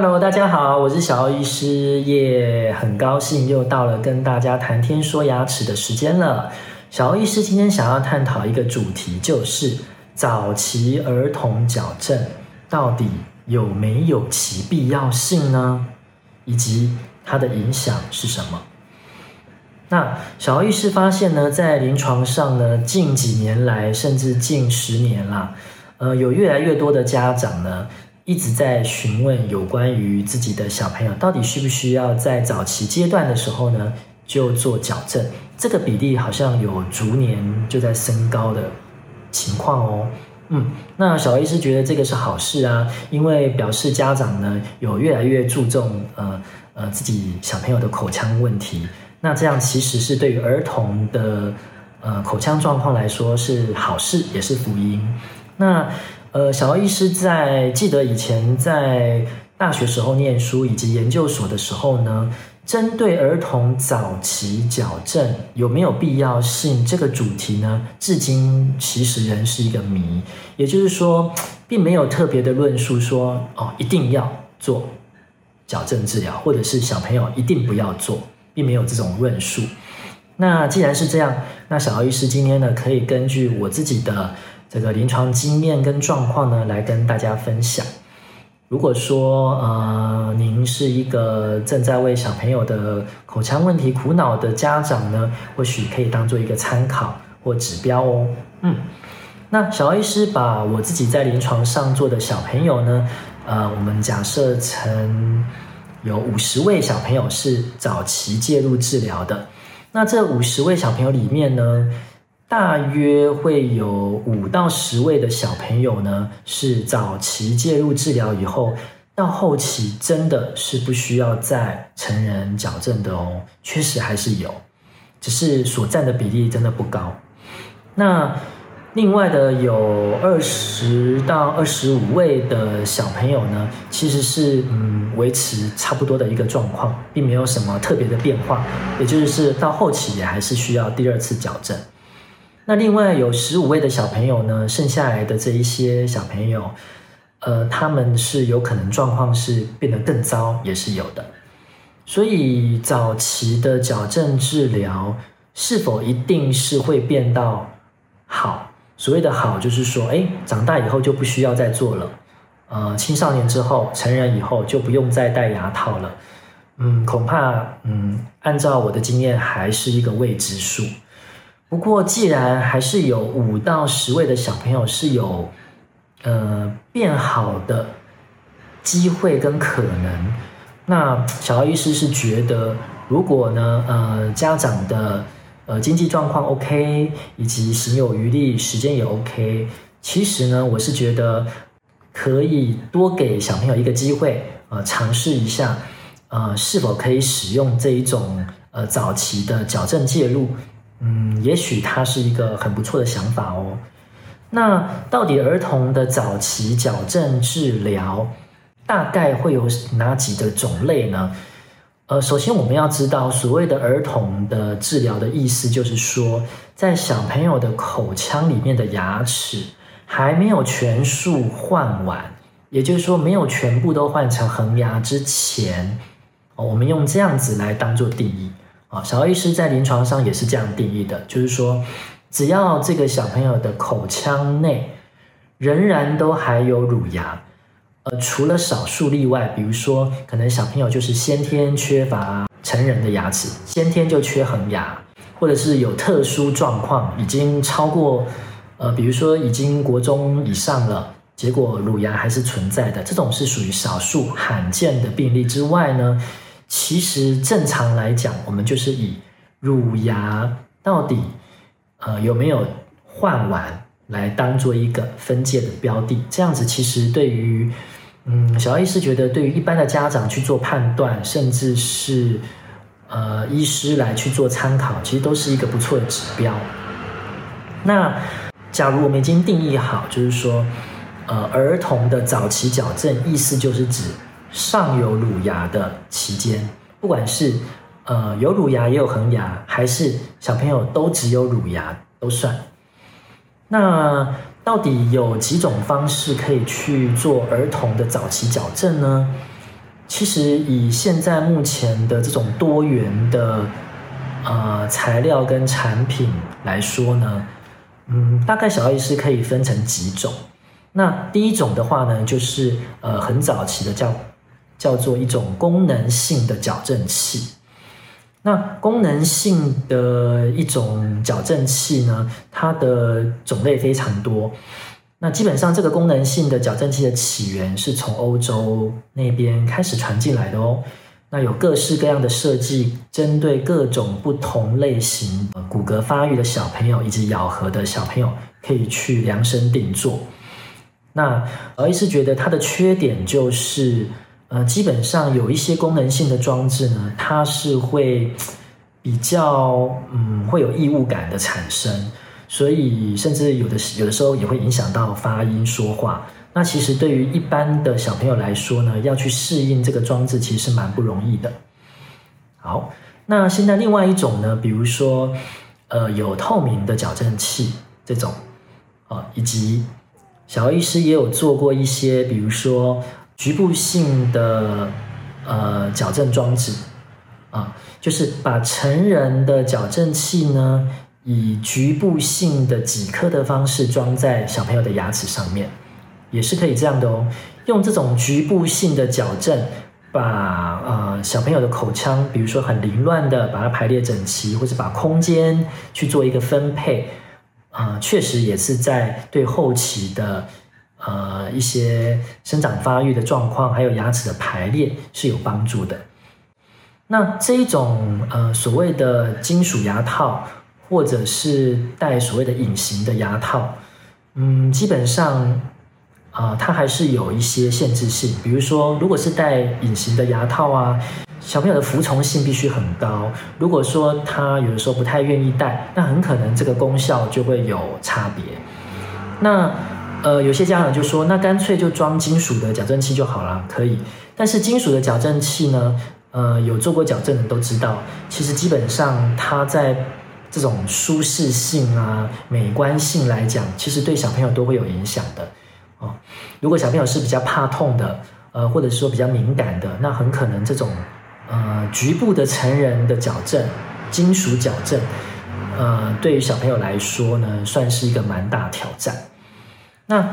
Hello，大家好，我是小歐醫師，也、yeah, 很高興又到了跟大家談天說牙齒的時間了。小歐醫師今天想要探討一個主題，就是早期兒童矯正到底有沒有其必要性呢？以及它的影響是什麼？那小歐醫師發現呢，在臨床上呢，近幾年來甚至近十年啦，呃，有越來越多的家長呢。一直在詢問有關於自己的小朋友到底需不需要在早期階段的時候呢，就做矯正，這個比例好像有逐年就在升高的情況哦。嗯，那小醫師覺得這個是好事啊，因為表示家長呢有越來越注重呃呃自己小朋友的口腔問題，那這樣其實是對於兒童的呃口腔狀況來說是好事，也是福音。那。呃，小姚醫師在記得以前在大學時候念書以及研究所的時候呢，針對兒童早期矯正有沒有必要性這個主題呢，至今其實仍是一個謎。也就是說，並沒有特別的論述說哦，一定要做矯正治療，或者是小朋友一定不要做，並沒有這種論述。那既然是這樣，那小姚醫師今天呢，可以根據我自己的。這個臨床經驗跟狀況呢，來跟大家分享。如果說，呃，您是一個正在為小朋友的口腔問題苦惱的家長呢，或許可以當做一個參考或指標哦。嗯，那小醫師把我自己在臨床上做的小朋友呢，呃，我們假設成有五十位小朋友是早期介入治療的，那這五十位小朋友裡面呢？大約會有五到十位的小朋友呢，是早期介入治療以後到後期真的是不需要再成人矯正的哦。確實還是有，只是所占的比例真的不高。那另外的有二十到二十五位的小朋友呢，其實是嗯，維持差不多的一個狀況，並沒有什麼特別的變化，也就是到後期也還是需要第二次矯正。那另外有十五位的小朋友呢，剩下來的這一些小朋友，呃，他們是有可能狀況是變得更糟，也是有的。所以早期的矯正治療是否一定是會變到好？所謂的好，就是說，哎，長大以後就不需要再做了。呃，青少年之後，成人以後就不用再戴牙套了。嗯，恐怕，嗯，按照我的經驗，還是一個未知數。不過，既然還是有五到十位的小朋友是有，呃，變好的機會跟可能，那小兒醫師是覺得，如果呢，呃，家長的呃經濟狀況 OK，以及行有餘力，時間也 OK，其實呢，我是覺得可以多給小朋友一個機會呃，嘗試一下，呃，是否可以使用這一種呃早期的矯正介入。嗯，也許它是一個很不錯的想法哦。那到底兒童的早期矯正治療大概會有哪幾個種類呢？呃，首先我們要知道，所謂的兒童的治療的意思，就是說，在小朋友的口腔裡面的牙齒還沒有全數換完，也就是說沒有全部都換成恆牙之前，呃，我們用這樣子來當做定義。啊，小兒醫師在臨床上也是這樣定義的，就是說，只要這個小朋友的口腔內仍然都還有乳牙，呃，除了少數例外，比如說可能小朋友就是先天缺乏成人的牙齒，先天就缺恆牙，或者是有特殊狀況，已經超過，呃，比如說已經國中以上了，結果乳牙還是存在的，這種是屬於少數罕見的病例之外呢。其實正常來講，我們就是以乳牙到底呃有沒有換完來當作一個分界的標的。這樣子其實對於嗯，小艾醫師覺得，對於一般的家長去做判斷，甚至是呃醫師來去做參考，其實都是一個不錯的指標。那假如我們已經定義好，就是說呃兒童的早期矯正，意思就是指。上有乳牙的期間，不管是呃有乳牙也有恆牙，還是小朋友都只有乳牙都算。那到底有幾種方式可以去做兒童的早期矯正呢？其實以現在目前的這種多元的呃材料跟產品來說呢，嗯，大概小愛醫師可以分成幾種。那第一種的話呢，就是呃很早期的叫。叫做一種功能性的矯正器，那功能性的一種矯正器呢，它的種類非常多。那基本上這個功能性的矯正器的起源是從歐洲那邊開始傳進來的哦。那有各式各樣的設計，針對各種不同類型骨骼發育的小朋友以及咬合的小朋友，可以去量身定做。那而醫師覺得它的缺點就是。呃，基本上有一些功能性的裝置呢，它是會比較嗯會有異物感的產生，所以甚至有的有的時候也會影響到發音說話。那其實對於一般的小朋友來說呢，要去適應這個裝置其實蠻不容易的。好，那現在另外一種呢，比如說呃有透明的矯正器這種啊，呃，以及小醫師也有做過一些，比如說。局部性的呃矯正裝置啊，就是把成人的矯正器呢，以局部性的幾顆的方式裝在小朋友的牙齒上面，也是可以這樣的哦。用這種局部性的矯正，把呃小朋友的口腔，比如說很凌亂的，把它排列整齊，或者把空間去做一個分配，啊、呃，確實也是在對後期的。呃，一些生長發育的狀況，還有牙齒的排列是有幫助的。那這一種呃所謂的金屬牙套，或者是戴所謂的隱形的牙套，嗯，基本上啊、呃，它還是有一些限制性。比如說，如果是戴隱形的牙套啊，小朋友的服從性必須很高。如果說他有的時候不太願意戴，那很可能這個功效就會有差別。那。呃，有些家長就說，那乾脆就裝金屬的矯正器就好了，可以。但是金屬的矯正器呢，呃，有做過矯正的都知道，其實基本上它在這種舒適性啊、美觀性來講，其實對小朋友都會有影響的哦。如果小朋友是比較怕痛的，呃，或者說比較敏感的，那很可能這種呃局部的成人的矯正、金屬矯正，呃，對於小朋友來說呢，算是一個蠻大挑戰。那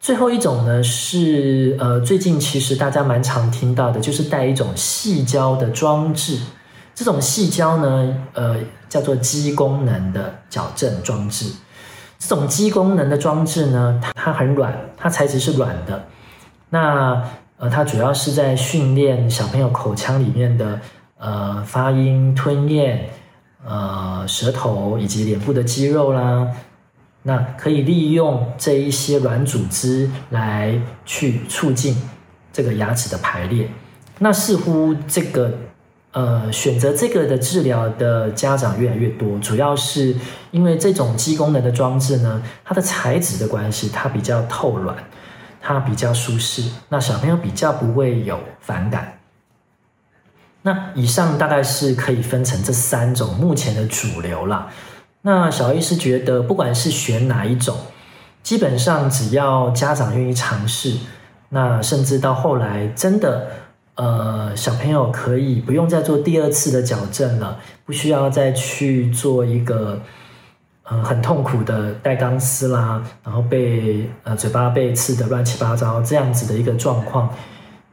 最後一種呢是呃，最近其實大家蠻常聽到的，就是帶一種矽膠的裝置。這種矽膠呢，呃，叫做肌功能的矯正裝置。這種肌功能的裝置呢，它很軟，它材質是軟的。那呃，它主要是在訓練小朋友口腔裡面的呃發音、吞嚥、呃舌頭以及臉部的肌肉啦。那可以利用這一些軟組織來去促進這個牙齒的排列。那似乎這個呃選擇這個的治療的家長越來越多，主要是因為這種肌功能的裝置呢，它的材質的關係，它比較透軟，它比較舒適，那小朋友比較不會有反感。那以上大概是可以分成這三種目前的主流了。那小醫師覺得，不管是選哪一種，基本上只要家長願意嘗試，那甚至到後來真的，呃，小朋友可以不用再做第二次的矯正了，不需要再去做一個，呃，很痛苦的戴鋼絲啦，然後被呃嘴巴被刺得亂七八糟這樣子的一個狀況，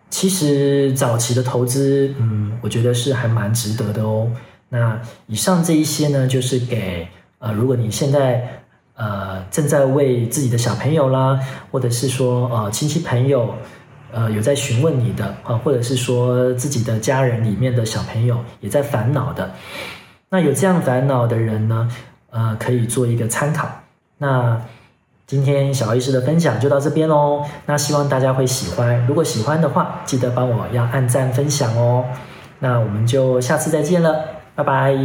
其實早期的投資，嗯，我覺得是還蠻值得的哦。那以上這一些呢，就是給。呃，如果你現在呃正在為自己的小朋友啦，或者是說呃親戚朋友，呃有在詢問你的啊、呃，或者是說自己的家人裡面的小朋友也在煩惱的，那有這樣煩惱的人呢，呃可以做一個參考。那今天小艾醫師的分享就到這邊嘍，那希望大家會喜歡。如果喜歡的話，記得幫我要按讚分享哦。那我們就下次再見了，拜拜。